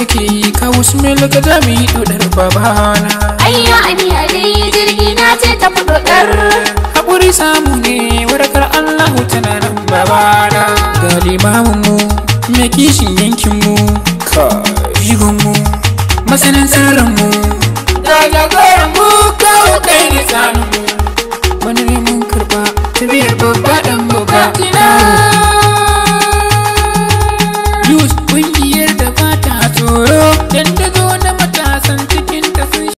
Yake yi kawo su mai laka jami'i dodar babana Ayya aniya dai jirgi na ce ta fi dodar Haƙuri samu ne warakar Allah tana nan babana Ga limaminmu mai kishin yankinmu Ka jigonmu masanin sirrinmu Ga mu kawo kai ne tsaninmu Wani ne mun karɓa tabiyar babbaɗa